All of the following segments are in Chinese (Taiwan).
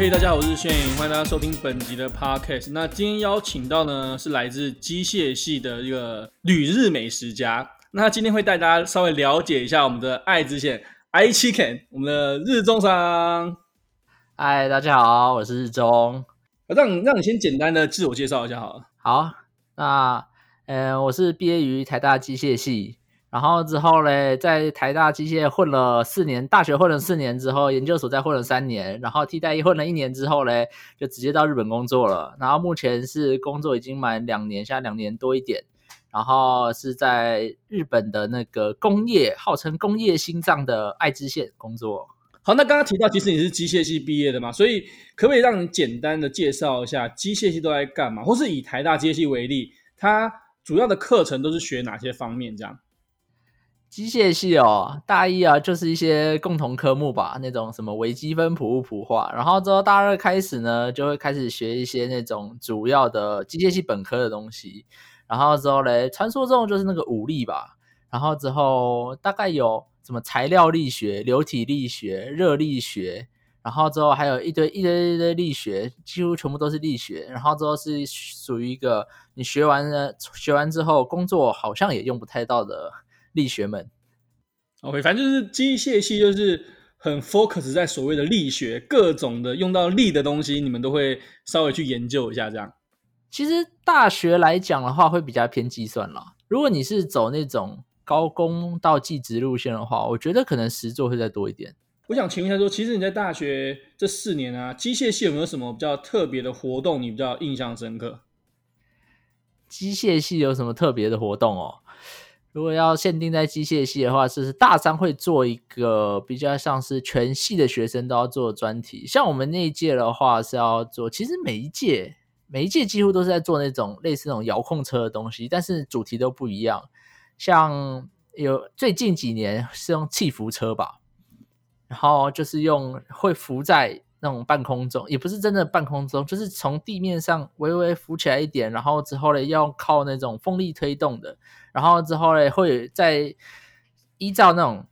嘿，hey, 大家好，我是炫穎，歡迎大家收聽本集的 podcast。那今天邀請到呢是來自機械系的一個旅日美食家，那今天會帶大家稍微了解一下我們的愛知縣愛知県我們的日中さん。嗨，大家好，我是日中。那，讓你先簡單的自我介紹一下好了。好，那，呃，我是畢業於台大機械系。然後之後咧，在台大機械混了四年，大學混了四年之後，研究所再混了三年，然後替代役混了一年之後咧，就直接到日本工作了。然後目前是工作已經滿兩年，現在兩年多一點，然後是在日本的那個工業，號稱工業心臟的愛知縣工作。好，那剛剛提到其實你是機械系畢業的嘛，所以可不可以讓你簡單的介紹一下機械系都在幹嘛，或是以台大機械系為例，它主要的課程都是學哪些方面這樣？機械系哦，大一啊就是一些共同科目吧，那種什麼微積分、普物、普化。然後之後大二開始呢，就會開始學一些那種主要的機械系本科的東西。然後之後嘞，傳說中就是那個五力吧。然後之後大概有什麼材料力學、流體力學、熱力學。然後之後還有一堆一堆，一堆一堆力學，幾乎全部都是力學。然後之後是屬於一個你學完了學完之後，工作好像也用不太到的。力學們 OK，反正就是機械系，就是很 focus 在所謂的力學，各種的用到力的東西，你們都會稍微去研究一下。這樣，其實大學來講的話，會比較偏計算了。如果你是走那種高工到技職路線的話，我覺得可能實作會再多一點。我想請問一下說，說其實你在大學這四年啊，機械系有沒有什麼比較特別的活動，你比較印象深刻？機械系有什麼特別的活動哦？如果要限定在機械系的話，就是大三會做一個比較像是全系的學生都要做的專題。像我們那一屆的話，是要做，其實每一屆每一屆幾乎都是在做那種類似那種遙控車的東西，但是主題都不一樣。像有最近幾年是用氣浮車吧，然後就是用會浮在。那種半空中也不是真的半空中，就是從地面上微微浮起來一點，然後之後嘞，要靠那種風力推動的，然後之後嘞會再依照那種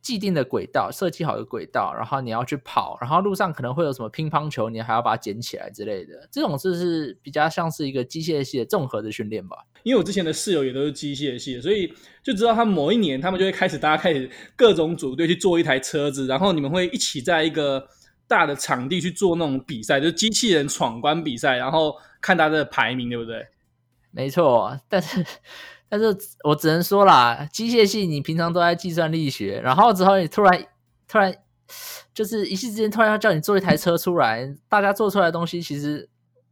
既定的軌道設計好的軌道，然後你要去跑，然後路上可能會有什麼乒乓球，你還要把它撿起來之類的。這種就是，是比較像是一個機械系的綜合的訓練吧。因為我之前的室友也都是機械系的，所以就知道他某一年他們就會開始，大家開始各種組隊去做一台車子，然後你們會一起在一個。大的場地去做那種比賽，就是機器人闖關比賽，然後看他的排名，對不對？沒錯，但是但是我只能說啦，機械系你平常都在計算力學，然後之後你突然突然就是一時之間突然要叫你做一台車出來，大家做出來的東西其實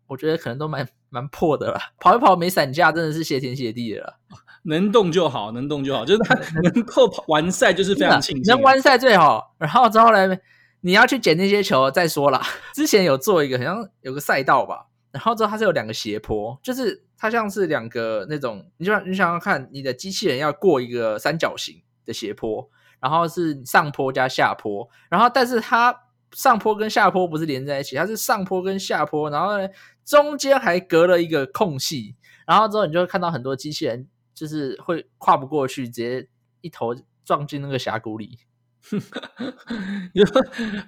我覺得可能都蠻蠻破的了，跑一跑沒散架真的是謝天謝地了，能動就好，能動就好，就是他能夠跑完 賽就是非常慶幸，能完、嗯啊、賽最好，然後之後來。你要去撿那些球，再說啦。之前有做一個，好像有個賽道吧，然後之後它是有兩個斜坡，就是它像是兩個那種，你就像你想要看你的機器人要過一個三角形的斜坡，然後是上坡加下坡，然後但是它上坡跟下坡不是連在一起，它是上坡跟下坡，然後呢中間還隔了一個空隙，然後之後你就會看到很多機器人就是會跨不過去，直接一頭撞進那個峽谷裡。你 有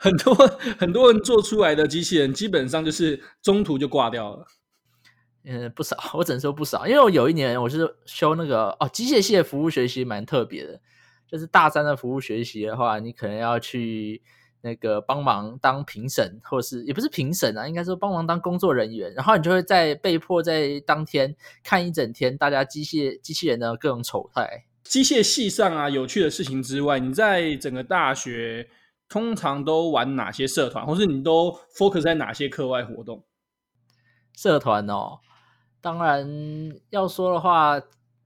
很多很多人做出來的機器人，基本上就是中途就掛掉了。嗯，不少，我只能說不少。因為我有一年，我是修那個哦，機械系的服務學習蠻特別的。就是大三的服務學習的話，你可能要去那個幫忙當評審，或者是也不是評審啊，應該說幫忙當工作人員。然後你就會在被迫在當天看一整天大家機械機器人的各種醜態。機械系上啊，有趣的事情之外，你在整個大學通常都玩哪些社團，或是你都 focus 在哪些課外活動？社團哦，當然要說的話，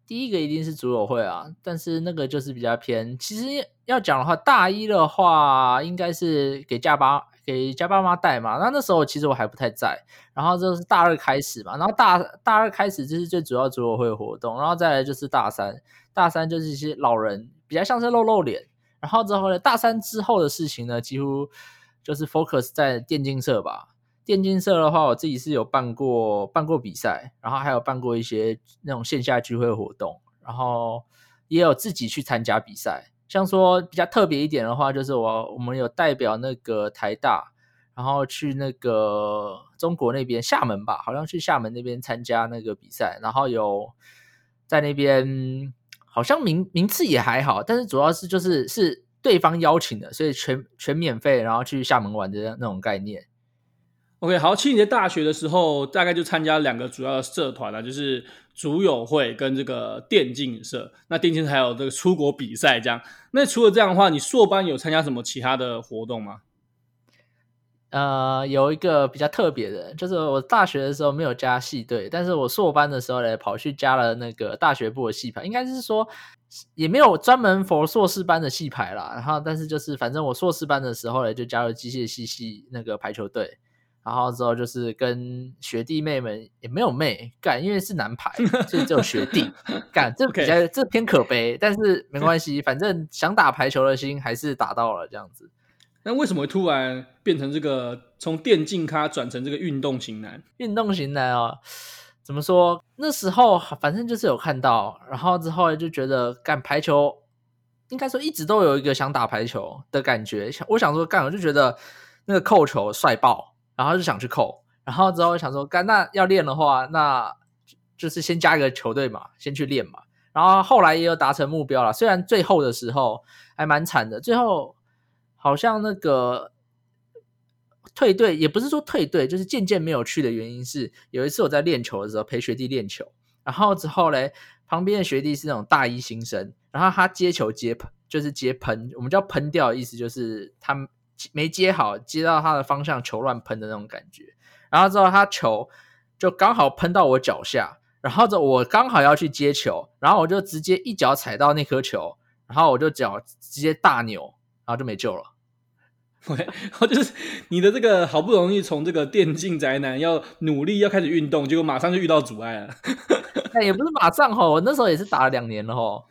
第一個一定是組友會啊，但是那個就是比較偏。其實要講的話，大一的話應該是給家爸給家爸媽帶嘛。那那時候其實我還不太在，然後就是大二開始嘛，然後大大二開始就是最主要組友會活動，然後再來就是大三。大三就是一些老人，比較像是露露臉，然後之後呢，大三之後的事情呢，幾乎就是 focus 在電競社吧。電競社的話，我自己是有辦過辦過比賽，然後還有辦過一些那種線下聚會活動，然後也有自己去參加比賽。像說比較特別一點的話，就是我我們有代表那個台大，然後去那個中國那邊，廈門吧，好像去廈門那邊參加那個比賽，然後有在那邊。好像名名次也還好，但是主要是就是是對方邀請的，所以全全免費，然後去廈門玩的那種概念。OK，好，其實你在大學的時候，大概就參加兩個主要的社團啦、啊，就是主友會跟這個電競社。那電競社還有這個出國比賽這樣。那除了這樣的話，你碩班有參加什麼其他的活動嗎？呃，有一個比較特別的，就是我大學的時候沒有加系隊，但是我碩班的時候呢，跑去加了那個大學部的系排，應該是說也沒有專門 for 碩士班的系排啦，然後，但是就是反正我碩士班的時候呢，就加入機械系系那個排球隊，然後之後就是跟學弟妹們也沒有妹乾，因為是男排，所以 只有學弟乾，這比較 Okay. 這偏可悲，但是沒關係，反正想打排球的心還是打到了，這樣子。那為什麼會突然變成這個？從電競咖轉成這個運動型男，運動型男哦、啊，怎麼說？那時候反正就是有看到，然後之後就覺得幹排球，應該說一直都有一個想打排球的感覺。想我想說幹，幹我就覺得那個扣球帥爆，然後就想去扣。然後之後我想說幹，那要練的話，那就是先加一個球隊嘛，先去練嘛。然後後來也有達成目標了，雖然最後的時候還蠻慘的，最後。好像那個退隊也不是說退隊，就是漸漸沒有去的原因是，有一次我在練球的時候陪學弟練球，然後之後嘞，旁邊的學弟是那種大一新生，然後他接球接就是接噴，我們叫噴掉，意思就是他沒接好，接到他的方向球亂噴的那種感覺。然後之後他球就剛好噴到我腳下，然後，後我剛好要去接球，然後我就直接一腳踩到那顆球，然後我就腳直接大扭。然後就沒救了，OK，然後就是你的這個好不容易從這個電競宅男要努力要開始運動，結果馬上就遇到阻礙了、 欸。也不是馬上吼，我那時候也是打了兩年了吼。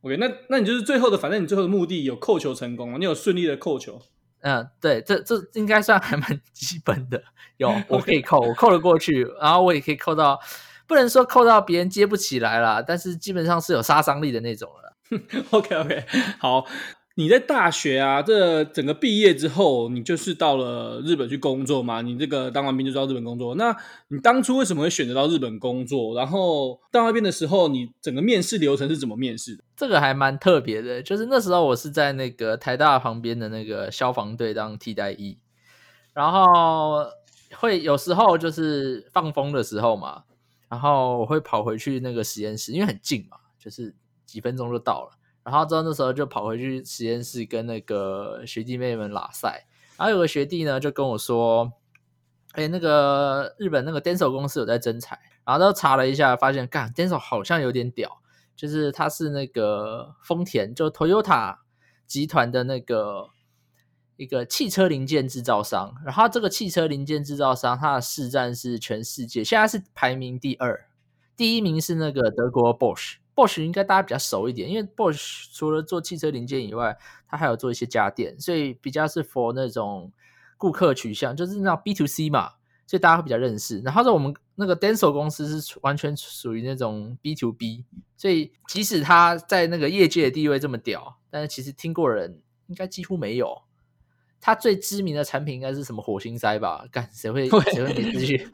OK，那那你就是最後的，反正你最後的目的有扣球成功，你有順利的扣球。嗯、呃，對，這這應該算還蠻基本的，有我可以扣，Okay. 我扣得過去，然後我也可以扣到，不能說扣到別人接不起來了，但是基本上是有殺傷力的那種了。 OK OK，好。你在大學啊，這個整個畢業之後，你就是到了日本去工作嘛？你這個當完兵就到日本工作，那你當初為什麼會選擇到日本工作？然後到那邊的時候，你整個面試流程是怎麼面試的？這個還蠻特別的，就是那時候我是在那個台大旁邊的那個消防隊當替代役，然後會有時候就是放風的時候嘛，然後我會跑回去那個實驗室，因為很近嘛，就是幾分鐘就到了。然後之後那時候就跑回去實驗室跟那個學弟妹們拉塞，然後有個學弟呢就跟我說：“哎，那個日本那個 Denso 公司有在徵才，然後就查了一下，發現幹 Denso 好像有點屌，就是他是那個豐田就 Toyota 集團的那個一個汽車零件制造商。然後他這個汽車零件制造商他的市占是全世界現在是排名第二，第一名是那個德國 Bosch。Bosch 應該大家比較熟一點，因為 Bosch 除了做汽車零件以外，它還有做一些家電，所以比較是 for 那種顧客取向，就是那種 B to C 嘛，所以大家會比較認識。然後是我們那個 Denso 公司是完全屬於那種 B to B，所以即使他在那個業界的地位這麼屌，但是其實聽過的人應該幾乎沒有。他最知名的產品應該是什麼火星塞吧？看，誰會誰 會沒資訊？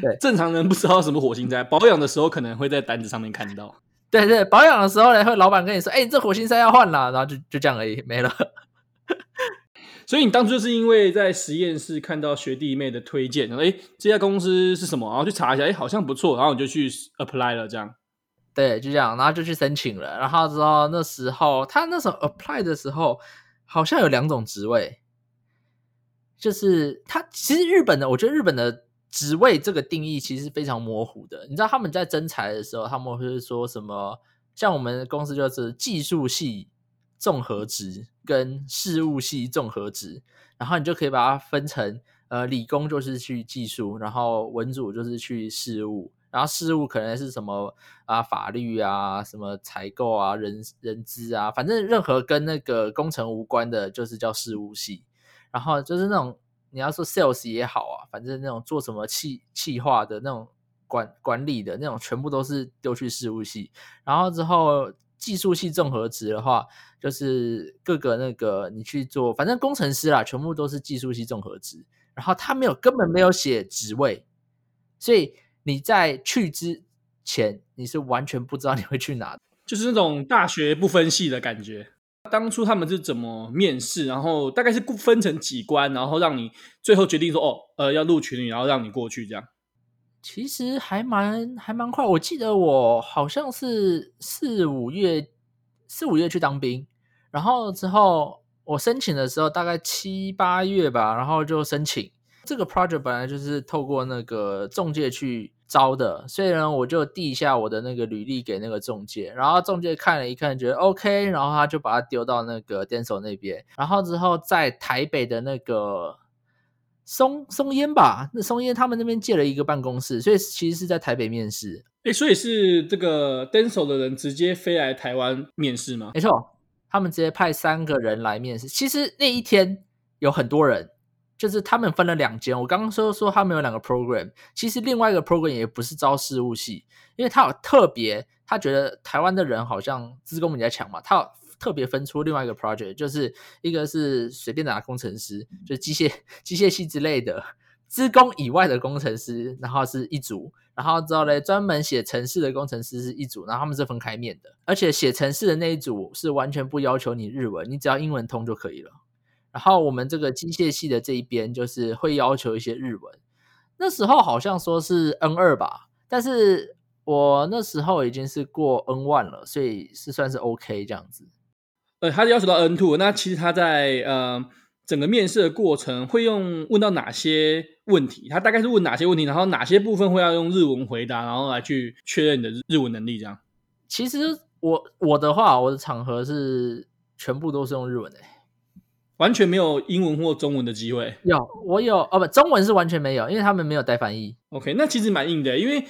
對，正常人不知道什麼火星塞，保養的時候可能會在單子上面看到。對，對對，保養的時候呢，會老板跟你說：“哎、欸，這火星塞要換了。”然後就就這樣而已，沒了。 所以你當初就是因為在實驗室看到學弟妹的推薦，哎、欸，這家公司是什麼？然後去查一下，哎、欸，好像不錯，然後你就去 apply 了，這樣。對，就這樣，然後就去申請了。然後之後那時候，他那時候 apply 的時候。好像有兩種職位，就是他其實日本的，我覺得日本的職位這個定義其實是非常模糊的。你知道他們在徵才的時候，他們會說什麼？像我們公司就是技術系綜合職跟事務系綜合職，然後你就可以把它分成呃，理工就是去技術，然後文組就是去事務。然後事務可能是什麼啊？法律啊，什麼採購啊，人人資啊，反正任何跟那個工程無關的，就是叫事務系。然後就是那種你要說 sales 也好啊，反正那種做什麼企企劃的那種管管理的那種，全部都是丟去事務系。然後之後技術系綜合職的話，就是各個那個你去做，反正工程師啦，全部都是技術系綜合職。然後他沒有根本沒有寫職位，所以。你在去之前，你是完全不知道你會去哪的，就是那種大學不分系的感覺。當初他們是怎麼面試？然後大概是分成幾關，然後讓你最後決定說，哦，呃，要錄取你，然後讓你過去這樣。其實還蠻還蠻快。我記得我好像是四五月四五月去當兵，然後之後我申請的時候大概七八月吧，然後就申請這個 project。本來就是透過那個中介去。招的，所以呢，我就遞一下我的那個履歷給那個中介，然後中介看了一看，覺得 OK，然後他就把它丟到那個 Denso 那邊，然後之後在台北的那個松松煙吧，那松煙他們那邊借了一個辦公室，所以其實是在台北面試。誒，所以是這個 Denso 的人直接飛來台灣面試嗎？沒錯，他們直接派三個人來面試。其實那一天有很多人。就是他們分了兩間，我剛剛說說他們有兩個 program，其實另外一個 program 也不是招事務系，因為他有特別，他覺得台灣的人好像資工比較強嘛，他有特別分出另外一個 project，就是一個是隨便打，打工程師，就是機械機械系之類的資工以外的工程師，然後是一組，然後之後嘞專門寫程式的工程師是一組，然後他們是分開面的，而且寫程式的那一組是完全不要求你日文，你只要英文通就可以了。然後我們這個機械系的這一邊就是會要求一些日文，那時候好像說是 N 二吧，但是我那時候已經是過 N one 了，所以是算是 OK 這樣子。呃，他要求到 N two，那其實他在呃整個面試的過程會用問到哪些問題？他大概是問哪些問題？然後哪些部分會要用日文回答，然後來去確認你的日文能力這樣？其實我我的話，我的場合是全部都是用日文的。完全沒有英文或中文的機會。有，我有哦，不，中文是完全沒有，因為他們沒有帶翻譯。OK，那其實蠻硬的，因為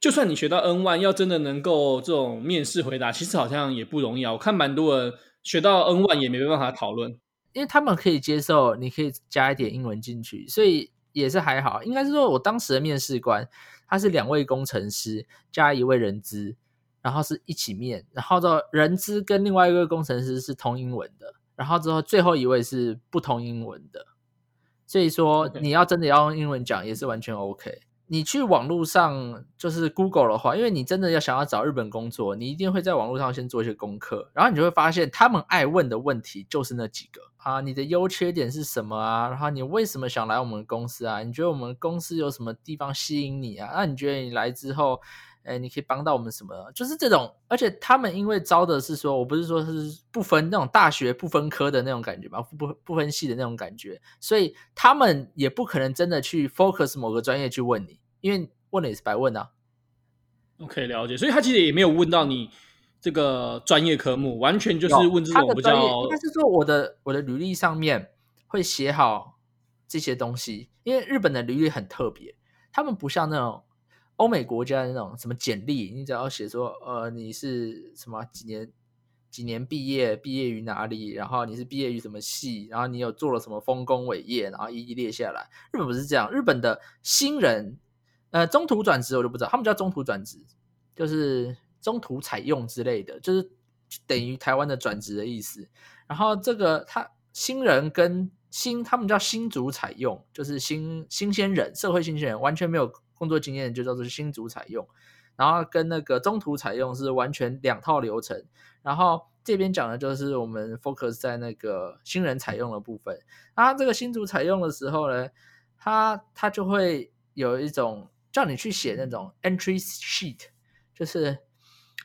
就算你學到 N one，要真的能夠這種面試回答，其實好像也不容易啊，我看蠻多人學到 N one 也沒辦法討論，因為他們可以接受，你可以加一點英文進去，所以也是還好。應該是說我當時的面試官他是兩位工程師加一位人資，然後是一起面，然後到人資跟另外一個工程師是通英文的。然後之後最後一位是不通英文的，所以說你要真的要用英文講也是完全 OK。你去網絡上就是 Google 的話，因為你真的要想要找日本工作，你一定會在網絡上先做一些功課，然後你就會發現他們愛問的問題就是那幾個啊，你的優缺點是什麼啊，然後你為什麼想來我們公司啊，你覺得我們公司有什麼地方吸引你啊，那你覺得你來之後。哎，你可以幫到我們什麼？就是這種，而且他們因為招的是說，我不是說是不分那種大學不分科的那種感覺吧，不分不分系的那種感覺，所以他們也不可能真的去 focus 某個專業去問你，因為問了也是白問啊。OK，了解，所以他其實也沒有問到你這個專業科目，完全就是問這種比較。他是說我的我的履歷上面會寫好這些東西，因為日本的履歷很特別，他們不像那種。歐美國家的那種什麼簡歷，你只要寫說，呃，你是什麼幾年幾年畢業，畢業於哪裡，然後你是畢業於什麼系，然後你有做了什麼豐功偉業，然後一一列下來。日本不是這樣，日本的新人，呃，中途轉職我就不知道，他們叫中途轉職，就是中途採用之類的，就是等於台灣的轉職的意思。然後這個他新人跟新，他們叫新卒採用，就是新新鮮人，社會新鮮人，完全沒有。工作經驗就叫做新卒採用，然後跟那個中途採用是完全兩套流程。然後這邊講的就是我們 focus 在那個新人採用的部分。那這個新卒採用的時候呢，它它就會有一種叫你去寫那種 entry sheet，就是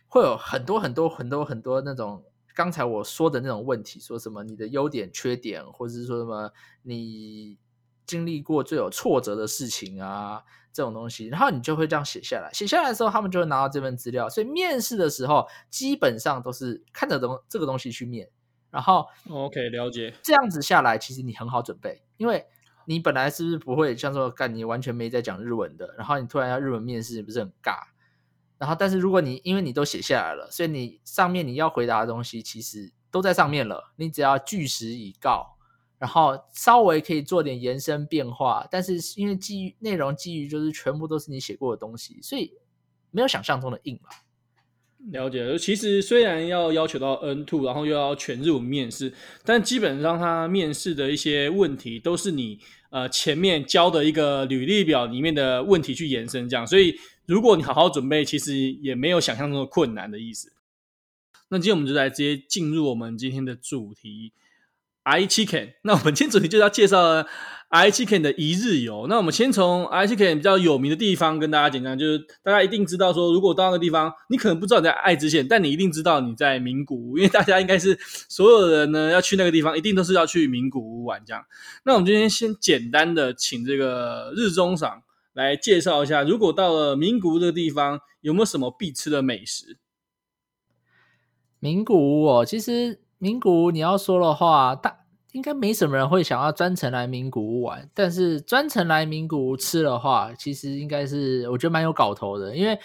會有很多很多很多很多那種剛才我說的那種問題，說什麼你的優點、缺點，或者是說什麼你。經歷過最有挫折的事情啊，這種東西，然後你就會這樣寫下來。寫下來的時候，他們就會拿到這份資料。所以面試的時候，基本上都是看着這東這個東西去面。然後，OK，了解。這樣子下來，其實你很好準備，因為你本來是不是不會，像說幹，你完全沒在講日文的，然後你突然要日文面試，不是很尬？然後，但是如果你因為你都寫下來了，所以你上面你要回答的東西其實都在上面了，你只要據實以告。然後稍微可以做點延伸變化，但是因為基於內容基於就是全部都是你寫過的東西，所以沒有想象中的硬吧。了解，其實雖然要要求到 N2，然後又要全日文面試，但基本上他面試的一些問題都是你呃前面交的一個履歷表裡面的問題去延伸這樣，所以如果你好好準備，其實也沒有想象中的困難的意思。那今天我們就來直接進入我們今天的主題。愛知縣，那我們今天主題就是要介紹愛知縣的一日遊。那我們先從愛知縣比較有名的地方跟大家講講，就是大家一定知道說，如果到那個地方，你可能不知道你在愛知縣，但你一定知道你在名古屋，因為大家應該是所有人呢要去那個地方，一定都是要去名古屋玩這樣。那我們今天先簡單的請這個日中賞來介紹一下，如果到了名古屋這個地方，有沒有什麼必吃的美食？名古屋，哦，其實。名古屋，你要說的話，大應該沒什麼人會想要專程來名古屋玩。但是專程來名古屋吃的話，其實應該是我覺得蠻有搞頭的，因為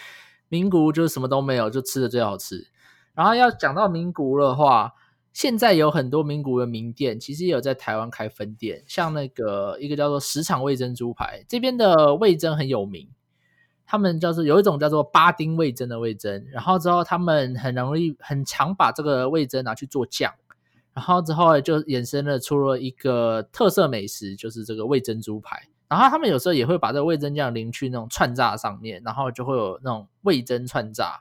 名古屋就是什麼都沒有，就吃的最好吃。然後要講到名古屋的話，現在有很多名古屋的名店，其實也有在台灣開分店，像那個一個叫做十場味噌豬排，這邊的味噌很有名。他們就是有一種叫做八丁味噌的味噌，然後之後他們很容易很常把這個味噌拿去做醬，然後之後就衍生了出了一個特色美食，就是這個味噌豬排。然後他們有時候也會把這個味噌醬淋去那種串炸上面，然後就會有那種味噌串炸。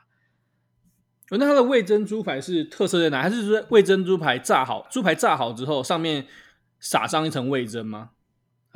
哦，那它的味噌豬排是特色在哪？還是說味噌豬排炸好，豬排炸好之後上面撒上一層味噌嗎？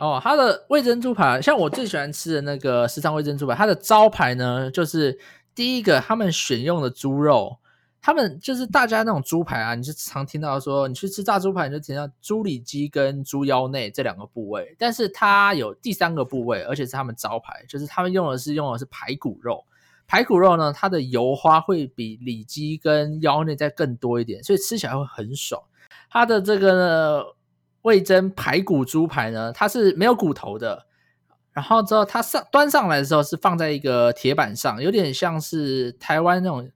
哦，它的味噌豬排，像我最喜歡吃的那個時尚味噌豬排，它的招牌呢，就是第一個他們選用的豬肉，他們就是大家那種豬排啊，你就常聽到說，你去吃炸豬排，你就聽到豬里脊跟豬腰內這兩個部位，但是它有第三個部位，而且是他們招牌，就是他們用的是用的是排骨肉，排骨肉呢，它的油花會比里脊跟腰內再更多一點，所以吃起來會很爽，它的這個呢。味噌排骨豬排呢，它是沒有骨頭的。然後之後它上端上來的時候，是放在一個鐵板上，有點像是台灣那種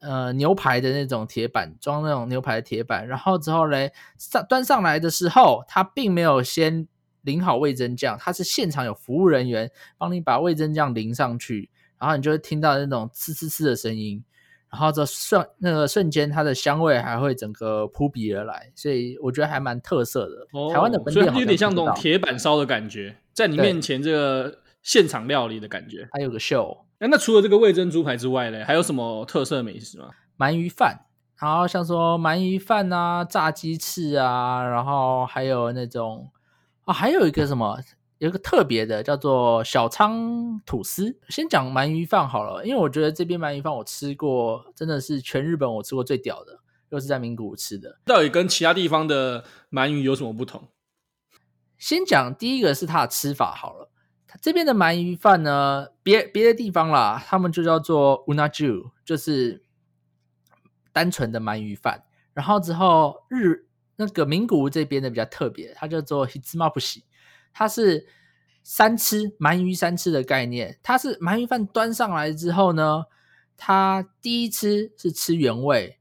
呃牛排的那種鐵板，裝那種牛排鐵板。然後之後嘞，上端上來的時候，它並沒有先淋好味噌醬，它是現場有服務人員幫你把味噌醬淋上去，然後你就會聽到那種呲呲呲的聲音。然後這瞬那個瞬間，它的香味還會整個撲鼻而來，所以我覺得還蠻特色的。哦、台灣的本地，所以有點像那種鐵板燒的感覺，對在你面前這個現場料理的感覺。還有個 show。哎、那除了這個味噌豬排之外呢，還有什麼特色的美食嗎？鰻魚飯，然後像說鰻魚飯啊，炸雞翅啊，然後還有那種啊、哦，還有一個什麼？有一個特別的叫做小倉吐司，先講鰻魚飯好了，因為我覺得這邊鰻魚飯我吃過，真的是全日本我吃過最屌的，又是在名古屋吃的。到底跟其他地方的鰻魚有什麼不同？先講第一個是它的吃法好了，這邊的鰻魚飯呢，別別的地方啦，他們就叫做 unaju，就是單純的鰻魚飯。然後之後日，那個名古屋這邊的比較特別，它叫做 hitsumabushi。它是三吃鰻魚，三吃的概念，它是鰻魚飯端上來之後呢，它第一吃是吃原味，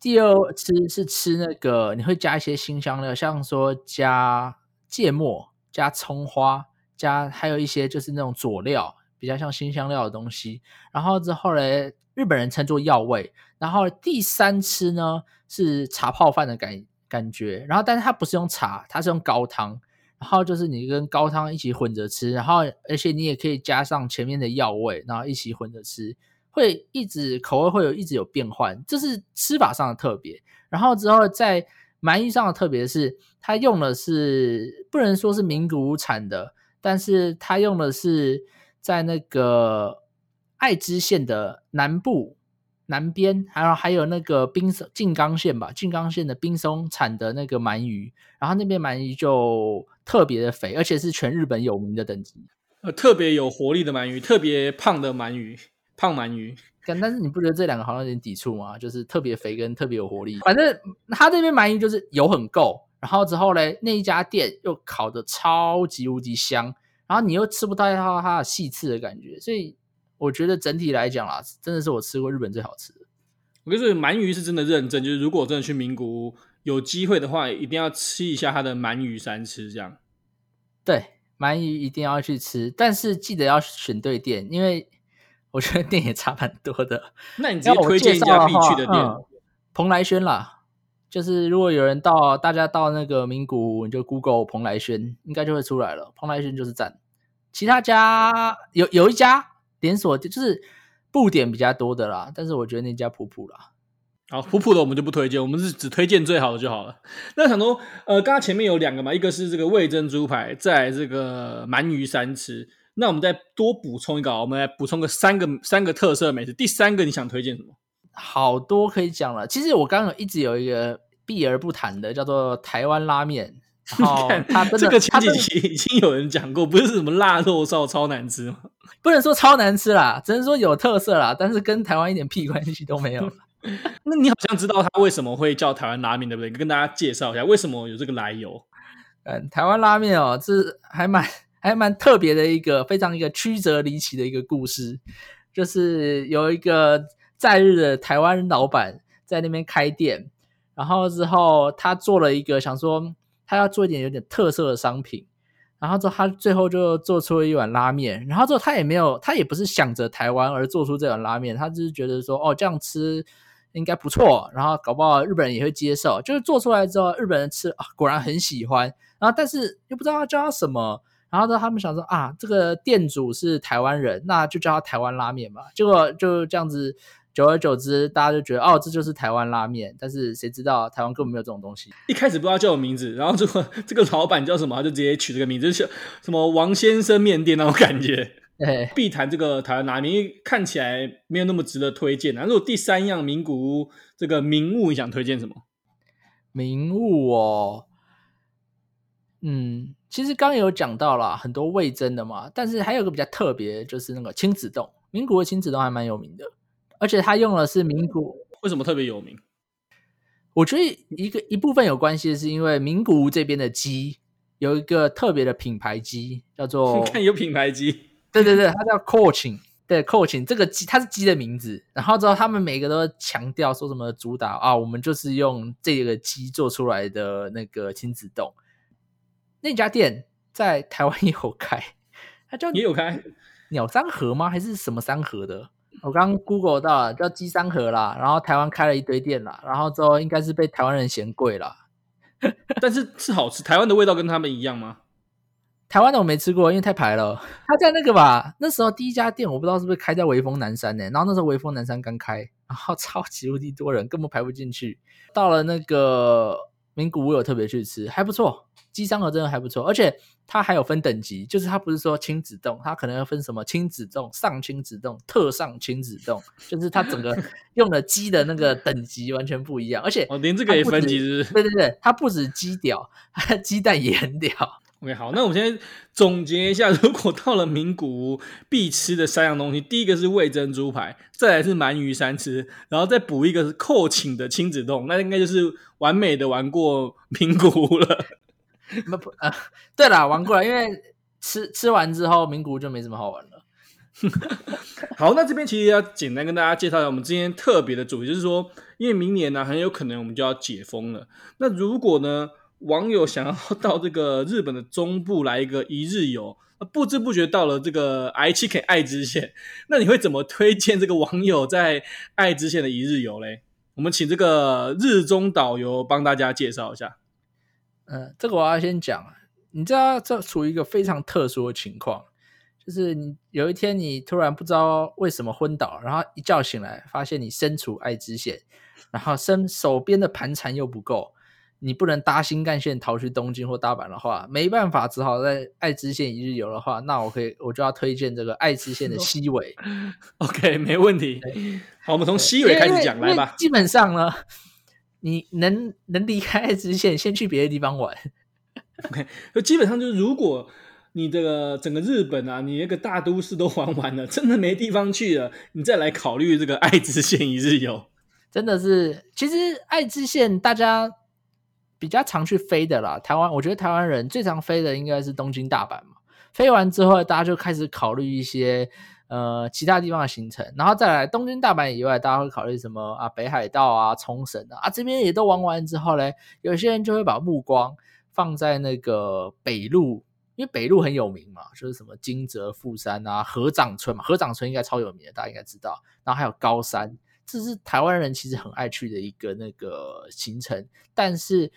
第二吃是吃那個你會加一些辛香料，像說加芥末、加蔥花、加還有一些就是那種佐料，比較像辛香料的東西。然後之後呢，日本人稱作藥味。然後第三吃呢是茶泡飯的感感覺，然後但是它不是用茶，它是用高湯。然後就是你跟高湯一起混着吃，然後而且你也可以加上前面的藥味，然後一起混着吃，會一直口味會有一直有變換，這是吃法上的特別。然後之後在鰻魚上的特別是它用的是不能說是名古屋產的，但是它用的是在那個愛知縣的南部南邊，還有還有那個濱松靜岡縣吧，靜岡縣的濱松產的那個鰻魚，然後那邊鰻魚就。特別的肥，而且是全日本有名的等級，呃，特別有活力的鰻魚，特別胖的鰻魚，胖鰻魚。但但是你不覺得這兩個好像有點抵觸嗎？就是特別肥跟特別有活力。反正他這邊鰻魚就是油很夠，然後之後嘞，那一家店又烤的超級無敵香，然後你又吃不到它它的細刺的感覺。所以我覺得整體來講啦，真的是我吃過日本最好吃的。我跟你說，鰻魚是真的認真，就是如果真的去名古屋。有機會的話，一定要吃一下他的鰻魚三吃，這樣。對，鰻魚一定要去吃，但是記得要選對店，因為我覺得店也差蠻多的。那你直接推薦一家必去的店，的話，嗯，蓬萊軒啦。就是如果有人到，大家到那個名古，你就 Google 蓬萊軒，應該就會出來了。蓬萊軒就是讚，其他家有有一家連鎖就是布點比較多的啦，但是我覺得那家普普啦。好，普普的我們就不推薦，我們是只推薦最好的就好了。那想說，呃，剛剛前面有兩個嘛，一個是這個味噌豬排，再這個鰻魚三吃。那我們再多補充一個啊，我們來補充個三個三個特色美食。第三個你想推薦什麼？好多可以講了。其實我剛剛一直有一個避而不談的，叫做台灣拉麵。哦，這個前幾期已經有人講過，不是什麼辣肉燥超難吃嗎？不能說超難吃啦，只能說有特色啦，但是跟台灣一點屁關係都沒有。 那你好像知道他為什麼會叫台灣拉麵，對不對？跟大家介紹一下為什麼有這個來由。嗯，台灣拉麵哦、喔，這是還蠻還蠻特別的一個非常一個曲折離奇的一個故事。就是有一個在日的台灣老闆在那邊開店，然後之後他做了一個想說他要做一點有點特色的商品，然後之後他最後就做出了一碗拉麵，然後之後他也沒有他也不是想着台灣而做出這碗拉麵，他只是覺得說哦這樣吃。應該不錯，然後搞不好日本人也會接受。就是做出來之後，日本人吃啊，果然很喜歡。然後但是又不知道他叫他什麼，然後呢，他們想說啊，這個店主是台灣人，那就叫他台灣拉麵吧。結果就這樣子，久而久之，大家就覺得哦，這就是台灣拉麵。但是誰知道台灣根本沒有這種東西。一開始不知道叫我名字，然後這個這個老闆叫什麼，他就直接取這個名字，就像什麼王先生麵店那種感覺。 哎，必談對這個台灣拉麵，看起來沒有那麼值得推薦啊？如果第三樣，名古屋這個名物，你想推薦什麼名物哦？嗯，其實剛，剛有講到了很多味噌的嘛，但是還有個比較特別，就是那個親子丼，名古屋親子丼還蠻有名的，而且他用的是名古屋。為什麼特別有名？我覺得一個一部分有關係是，因為名古屋這邊的雞有一個特別的品牌雞，叫做看有品牌雞。對對對，它叫 Coaching，對 Coaching，這個雞它是雞的名字。然後之後他們每個都強調說什麼主打啊，我們就是用這個雞做出來的那個親子丼。那家店在台灣也有開，它叫也有開鳥山河嗎？還是什麼山河的？我剛 Google 到了叫雞山河啦，然後台灣開了一堆店啦，然後之後應該是被台灣人嫌貴啦。 但是是好吃。台灣的味道跟他們一樣嗎？台灣的我沒吃過，因為太排了。他在那個吧，那時候第一家店我不知道是不是開在微風南山呢，欸。然後那時候微風南山剛開，然後超級無敵多人，根本排不進去。到了那個名古屋，有特別去吃，還不錯，雞三和真的還不錯。而且它還有分等級，就是它不是說親子丼，它可能要分什麼親子丼、上親子丼、特上親子丼，就是它整個用的雞的那個等級完全不一樣。而且哦，您這個也分級是不是？對對對，它不止雞屌，雞蛋也很屌。OK，好，那我們先總結一下，如果到了名古屋必吃的三樣東西，第一個是味噌豬排，再來是鰻魚三吃，然後再補一個是扣 k 的親子丼，那應該就是完美的玩過名古屋了。不，嗯嗯，對啦，玩過了，因為吃吃完之後，名古屋就沒什麼好玩了。好，那這邊其實要簡單跟大家介紹一下我們今天特別的主題，就是說，因為明年呢，啊，很有可能我們就要解封了，那如果呢，網友想要到這個日本的中部來一個一日遊，不知不覺到了這個 hk 愛知縣，那你會怎麼推薦這個網友在愛知縣的一日遊嘞？我們請這個日中導遊幫大家介紹一下。嗯、呃，這個我要先講，你知道這處於一個非常特殊的情況，就是你有一天你突然不知道為什麼昏倒，然後一覺醒來發現你身處愛知縣，然後身手邊的盤纏又不夠。你不能搭新幹線逃去東京或大阪的話，沒辦法，只好在愛知縣一日遊的話，那我可以，我就要推薦這個愛知縣的西尾。 OK，沒問題。對好，我們從西尾開始講來吧。基本上呢，你能能離開愛知縣，先去別的地方玩。OK，基本上就是如果你這個整個日本啊，你那個大都市都玩完了，真的沒地方去了，你再來考慮這個愛知縣一日遊，真的是，其實愛知縣大家。比較常去飛的啦，台灣，我覺得台灣人最常飛的應該是東京、大阪嘛。飛完之後，大家就開始考慮一些呃其他地方的行程，然後再來東京、大阪以外，大家會考慮什麼啊？北海道啊、沖繩啊，啊，這邊也都玩完之後嘞，有些人就會把目光放在那個北陸，因為北陸很有名嘛，就是什麼金澤、富山啊、合掌村嘛，合掌村應該超有名的，大家應該知道，然後還有高山。這是台灣人其實很愛去的一個那個行程，但是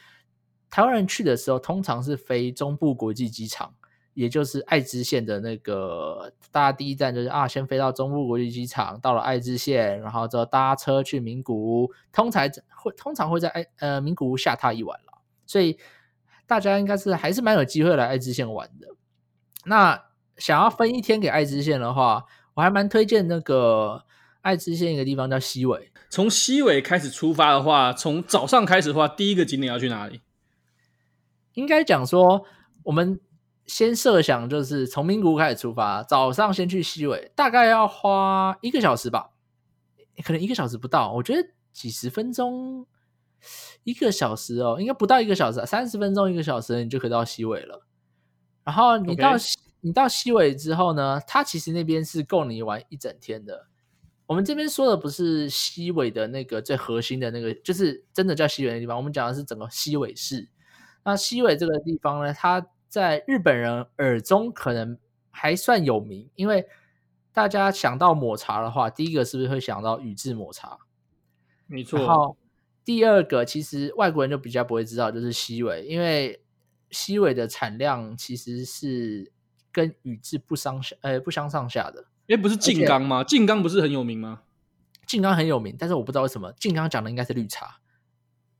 台灣人去的時候，通常是飛中部國際機場，也就是愛知縣的那個。大家第一站就是啊，先飛到中部國際機場，到了愛知縣，然後就搭車去名古屋，通常會通常會在愛呃名古屋下榻一晚了。所以大家應該是還是蠻有機會來愛知縣玩的。那想要分一天給愛知縣的話，我還蠻推薦那個。愛知縣一個地方叫西尾。從西尾開始出發的話，從早上開始的話，第一個景點要去哪裡？應該講說，我們先設想，就是從名古屋開始出發，早上先去西尾，大概要花一個小時吧，欸、可能一個小時不到。我覺得幾十分鐘，一個小時哦、喔，應該不到一個小時、啊，三十分鐘一個小時你就可以到西尾了。然後你到西，Okay. 你到西尾之後呢，它其實那邊是夠你玩一整天的。我們這邊說的不是西尾的那個最核心的那個，就是真的叫西尾的地方。我們講的是整個西尾市。那西尾這個地方呢，它在日本人耳中可能還算有名，因為大家想到抹茶的話，第一個是不是會想到宇治抹茶？沒錯。然後第二個，其實外國人就比較不會知道，就是西尾，因為西尾的產量其實是跟宇治不相上，呃，不相上下的。哎、欸，不是靜岡嗎？靜岡不是很有名嗎？靜岡很有名，但是我不知道為什麼靜岡講的應該是綠茶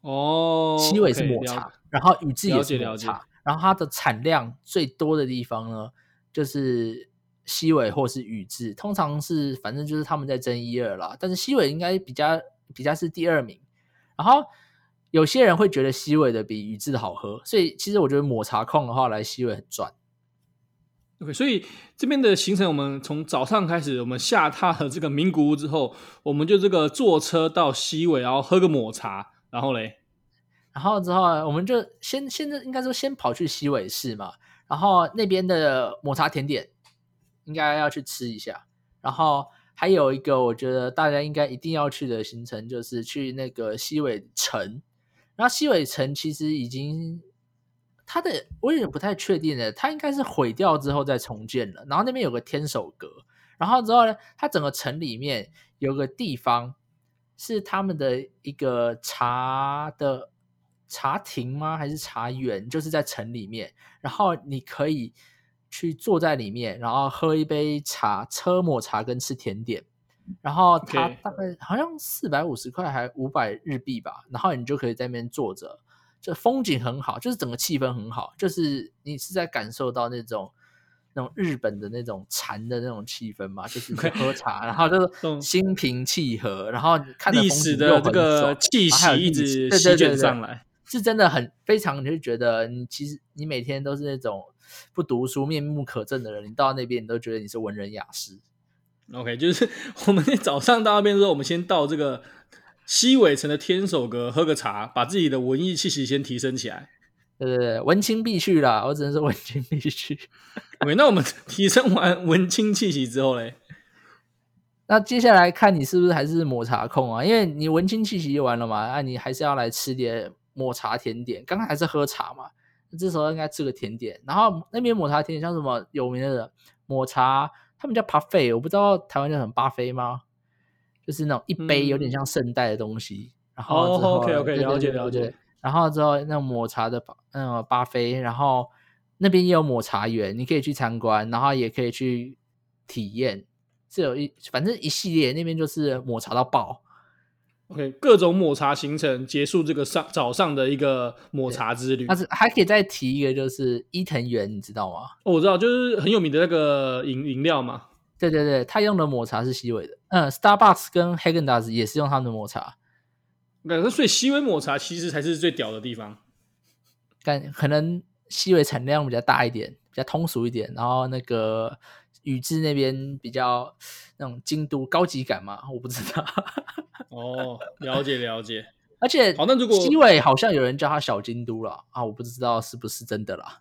哦，西尾、oh, okay, 是抹茶，解然後宇治也是抹茶，然後它的產量最多的地方呢，就是西尾或是宇治，通常是反正就是他們在爭一二啦。但是西尾應該比較比較是第二名，然後有些人會覺得西尾的比宇治的好喝，所以其實我覺得抹茶控的話來西尾很賺。Okay, 所以這邊的行程，我們從早上開始，我們下榻了這個名古屋之後，我們就這個坐車到西尾，然後喝個抹茶，然後嘞，然後之後我們就先現在應該說先跑去西尾市嘛，然後那邊的抹茶甜點應該要去吃一下，然後還有一個我覺得大家應該一定要去的行程就是去那個西尾城，然後西尾城其實已經。它的我也不太確定了，它應該是毀掉之後再重建了。然後那邊有個天守閣，然後之後呢，它整個城裡面有個地方是他們的一個茶的茶亭嗎？還是茶園？就是在城裡面，然後你可以去坐在裡面，然後喝一杯茶，車抹茶跟吃甜點。然後它大概好像四百五十塊還五百日幣吧，然後你就可以在那邊坐着。就風景很好，就是整個氣氛很好，就是你是在感受到那種那種日本的那種禪的那種氣氛嘛，就是喝茶，Okay. 然後就是心平氣和，嗯、然後你看到風景又很美，還一直升卷上來對對對對，對是真的很非常。你覺得你其實你每天都是那種不讀書面目可憎的人，你到那邊你都覺得你是文人雅士。OK，就是我們早上到那邊的時候，我們先到這個。西尾城的天守閣喝個茶，把自己的文藝氣息先提升起來。對對對，文青必去啦！我只能說文青必去。 喂，那我們提升完文青氣息之後嘞？ 那接下來看你是不是還是抹茶控啊？因為你文青氣息就完了嘛。那、啊、你還是要來吃點抹茶甜點。剛剛還是喝茶嘛，這時候應該吃個甜點。然後那邊抹茶甜點像什麼有名的抹茶，他們叫巴菲，我不知道台灣叫什麼巴菲嗎？就是那種一杯有點像聖代的東西，嗯、然後之後、哦、OK，了解了解。了解然後之後，那種抹茶的，那種巴菲。然後那邊也有抹茶園，你可以去參觀，然後也可以去體驗，是有一反正一系列那邊就是抹茶到爆。OK，各種抹茶行程結束，這個上早上的一個抹茶之旅。但是還可以再提一個，就是伊藤園，你知道嗎？哦，我知道，就是很有名的那個飲飲料嘛。對對對，他用的抹茶是西尾的。嗯，Starbucks 跟 Häagen-Dazs 也是用他們的抹茶。感覺所以西尾抹茶其實才是最屌的地方。但可能西尾產量比較大一點，比較通俗一點。然後那個宇治那邊比較那種京都高級感嘛，我不知道。 哦，了解了解。而且好，那如果西尾好像有人叫他小京都了啊，我不知道是不是真的啦。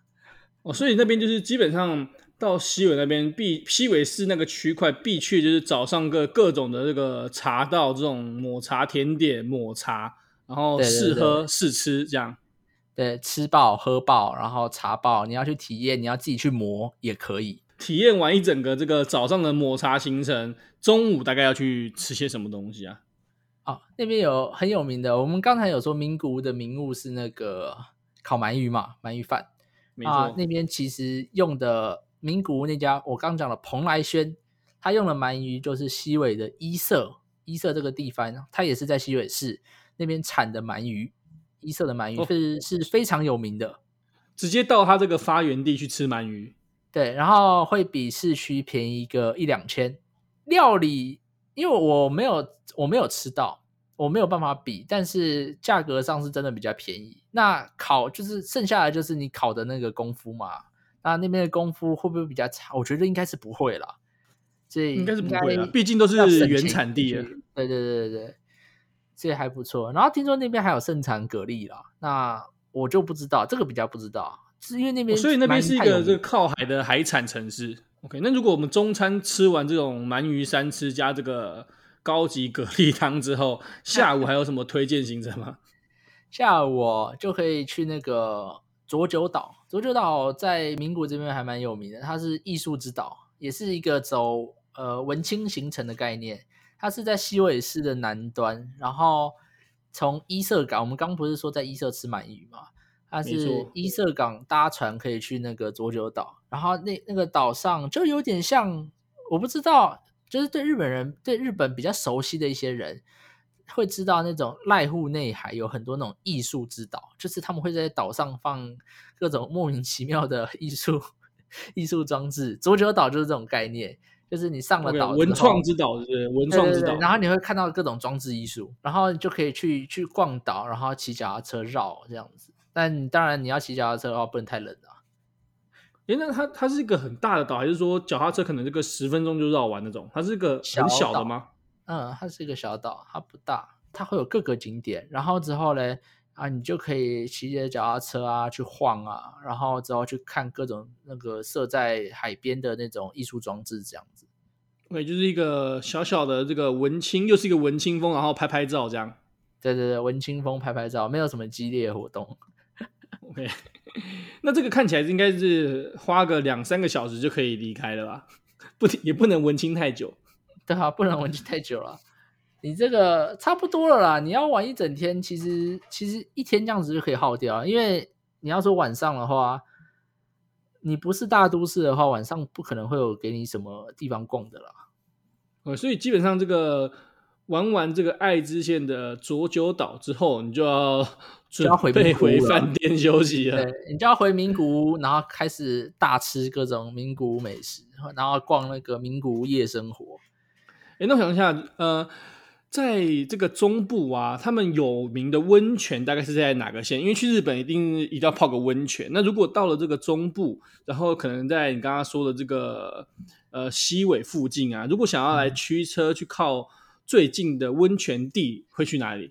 哦，所以那邊就是基本上。到西尾那邊，必西尾市那個區塊必去就是早上個各種的這個茶道，這種抹茶甜點、抹茶，然後試喝對對對試吃這樣。對，吃飽喝飽，然後茶飽，你要去體驗，你要自己去磨也可以。體驗完一整個這個早上的抹茶行程，中午大概要去吃些什麼東西啊？哦、啊，那邊有很有名的，我們剛才有說名古屋的名物是那個烤鰻魚嘛，鰻魚飯。沒錯。啊，那邊其實用的。名古屋那家我剛講了蓬萊軒，他用的鰻魚就是西尾的一色，一色這個地方，它也是在西尾市那邊產的鰻魚，一色的鰻魚是、哦、是非常有名的。直接到他這個發源地去吃鰻魚，對，然後會比市區便宜個一兩千。料理，因為我沒有我沒有吃到，我沒有辦法比，但是價格上是真的比較便宜。那烤就是剩下來就是你烤的那個功夫嘛。那那邊的功夫會不會比較差？我覺得應該是不會了，這應該是不會了，畢竟都是原產地。對對對對對，這還不錯。然後聽說那邊還有盛產蛤蜊了，那我就不知道這個比較不知道，是因為那邊所以那邊是,是一個這個靠海的海產城市。OK，那如果我們中餐吃完這種鰻魚三吃加這個高級蛤蜊湯之後，下午還有什麼推薦行程嗎？ 下午、哦、就可以去那個。佐久島，佐久島在名古屋這邊還蠻有名的，它是藝術之島，也是一個走呃文青行程的概念。它是在西尾市的南端，然後從一色港，我們剛不是說在一色吃鰻魚嘛？它是一色港搭船可以去那個佐久島，沒錯。然後那那個島上就有點像，我不知道，就是對日本人對日本比較熟悉的一些人。會知道那種瀨戶內海有很多那種藝術之島，就是他們會在島上放各種莫名其妙的藝術藝術裝置。佐久島就是這種概念，就是你上了島之後，okay, 文創之島，對不對？文創之島，對文創之島。然後你會看到各種裝置藝術，然後你就可以去去逛島，然後騎腳踏車繞這樣子。但你當然你要騎腳踏車的話，不能太冷啊。誒，那它它是一個很大的島，還是說腳踏車可能這個十分鐘就繞完那種？它是一個很小的嗎？嗯，它是一個小島，它不大，它會有各個景點。然後之後呢，啊，你就可以騎着腳踏車啊去晃啊，然後之後去看各種那個設在海邊的那種藝術裝置，這樣子。對，okay, 就是一個小小的這個文青，嗯、又是一個文青風，然後拍拍照這樣。對對對，文青風拍拍照，沒有什麼激烈活動。OK，那這個看起來應該是花個兩三個小時就可以離開了吧？不，也不能文青太久。對啊，不能玩去太久了。你這個差不多了啦。你要玩一整天，其實其實一天這樣子就可以耗掉了。因為你要說晚上的話，你不是大都市的話，晚上不可能會有給你什麼地方逛的啦。呃，所以基本上這個玩完這個愛知縣的佐久島之後，你就要準備回飯店休息了。你就要回名古屋，然後開始大吃各種名古屋美食，然後逛那個名古屋夜生活。欸、那我想一下，呃，在這個中部啊，他們有名的溫泉大概是在哪個縣？因為去日本一定一定要泡個溫泉。那如果到了這個中部，然後可能在你剛剛說的這個呃西尾附近啊，如果想要來驅車去靠最近的溫泉地，會去哪裡？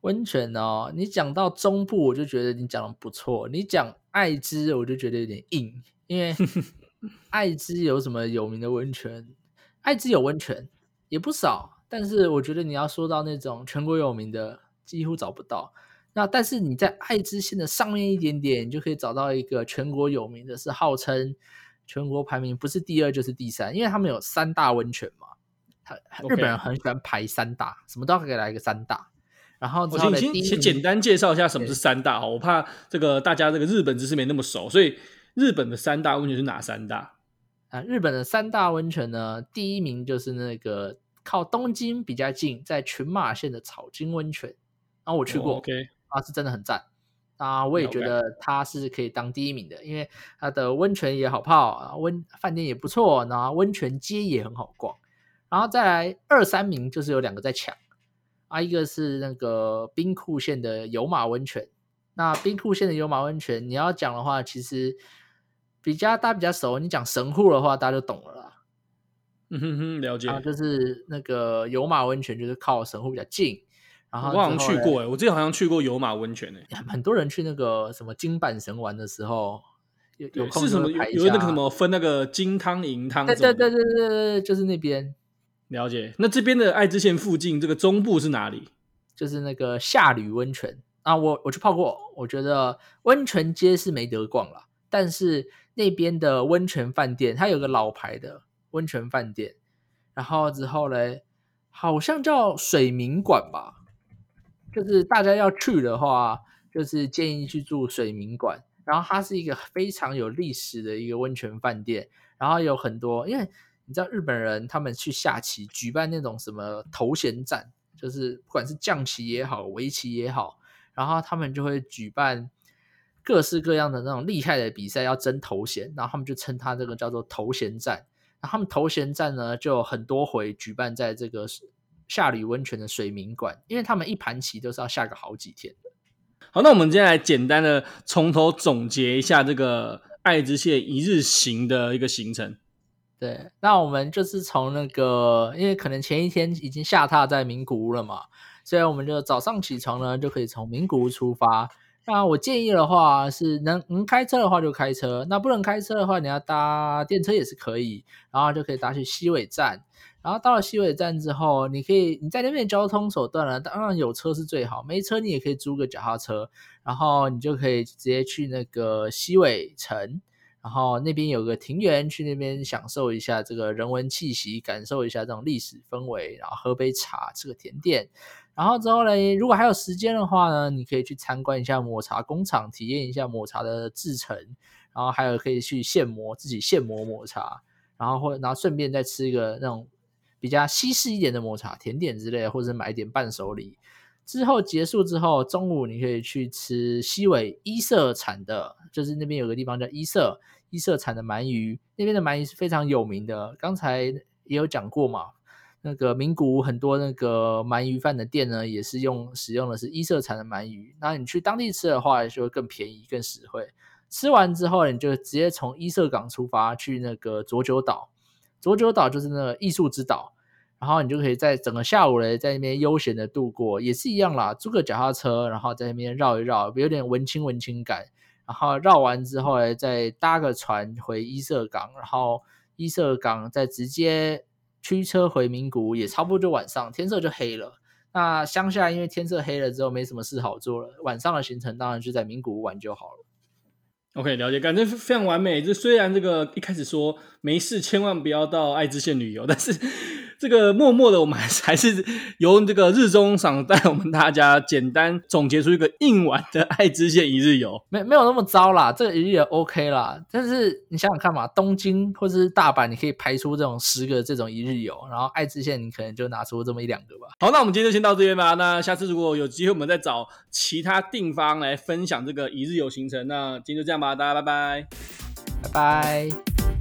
溫泉哦，你講到中部，我就覺得你講得不錯。你講愛知，我就覺得有點硬，因為愛知 有什麼有名的溫泉？愛知有溫泉也不少，但是我覺得你要說到那種全國有名的，幾乎找不到。那但是你在愛知縣的上面一點點，你就可以找到一個全國有名的，是號稱全國排名不是第二就是第三，因為他們有三大溫泉嘛。他日本人很喜歡排三大，Okay. 什麼都可以來一個三大。然後我、哦、先先簡單介紹一下什麼是三大對，我怕這個大家這個日本知識沒那麼熟，所以日本的三大溫泉是哪三大？啊，日本的三大溫泉呢，第一名就是那個靠東京比較近，在群馬縣的草津溫泉，啊，我去過，oh, okay. 啊，是真的很讚，啊，我也覺得它是可以當第一名的，解因為它的溫泉也好泡，溫飯店也不錯，然後溫泉街也很好逛，然後再來二三名就是有兩個在搶，啊，一個是那個兵庫縣的有馬溫泉，那兵庫縣的有馬溫泉你要講的話，其實。比較大家比較熟。你講神戶的話，大家就懂了啦。嗯哼哼，了解。啊、就是那個有馬溫泉，就是靠神戶比較近。然後，後我好像去過哎、欸，我之前好像去過有馬溫泉哎、欸。很多人去那個什麼京阪神玩的時候，有對有空是什麼有，有那個什麼分那個金湯銀湯？對對對對對對，就是那邊。了解。那這邊的愛知縣附近，這個中部是哪裡？就是那個下呂溫泉啊。我我去泡過，我覺得溫泉街是沒得逛了，但是。那邊的溫泉飯店，它有個老牌的溫泉飯店，然後之後嘞，好像叫水明館吧，就是大家要去的話，就是建議去住水明館。然後它是一個非常有歷史的一個溫泉飯店，然後有很多，因為你知道日本人他們去下棋，舉辦那種什麼頭銜戰，就是不管是將棋也好，圍棋也好，然後他們就會舉辦。各式各樣的那種厲害的比賽要爭頭銜，然後他們就稱它這個叫做頭銜戰。然後他們頭銜戰呢，就有很多回舉辦在這個下呂溫泉的水民館，因為他們一盤棋都是要下個好幾天。好，那我們接下來簡單的從頭總結一下這個愛知縣一日行的一個行程。對，那我們就是從那個，因為可能前一天已經下榻在名古屋了嘛，所以我們就早上起床呢，就可以從名古屋出發。那我建議的話是能能開車的話就開車，那不能開車的話，你要搭電車也是可以，然後就可以搭去西尾站，然後到了西尾站之後，你可以你在那邊交通手段呢，當然有車是最好，沒車你也可以租個腳踏車，然後你就可以直接去那個西尾城。然後那邊有個庭園，去那邊享受一下這個人文氣息，感受一下這種歷史氛圍，然後喝杯茶，吃個甜點。然後之後嘞，如果還有時間的話呢，你可以去參觀一下抹茶工廠，體驗一下抹茶的制程。然後還有可以去現磨，自己現磨抹茶，然後或，然後順便再吃一個那種比較西式一點的抹茶甜點之類的，或者是買一點伴手禮。之後結束之後，中午你可以去吃西尾一色產的，就是那邊有個地方叫一色，一色產的鰻魚，那邊的鰻魚是非常有名的。剛才也有講過嘛，那個名古屋很多那個鰻魚飯的店呢，也是用使用的是一色產的鰻魚。那你去當地吃的話，就會更便宜、更實惠。吃完之後，你就直接從一色港出發去那個佐久島，佐久島就是那個藝術之島。然後你就可以在整個下午嘞，在那邊悠閒的度過，也是一樣啦。租個腳踏車，然後在那邊繞一繞，有點文青文青感。然後繞完之後嘞，再搭個船回一色港，然後一色港再直接驅車回名古屋，也差不多就晚上天色就黑了。那鄉下因為天色黑了之後，沒什麼事好做了。晚上的行程當然就在名古屋玩就好了。OK，了解，感覺非常完美。就雖然這個一開始說沒事，千萬不要到愛知縣旅遊，但是。這個默默的，我們還是，還是由這個日中桑帶我們大家簡單總結出一個硬玩的愛知縣一日遊，沒沒有那麼糟啦，這個一日遊 OK 啦。但是你想想看嘛，東京或是大阪，你可以排出這種十個這種一日遊，然後愛知縣你可能就拿出這麼一兩個吧。好，那我們今天就先到這邊吧。那下次如果有機會，我們再找其他地方來分享這個一日遊行程。那今天就這樣吧，大家拜拜，拜拜。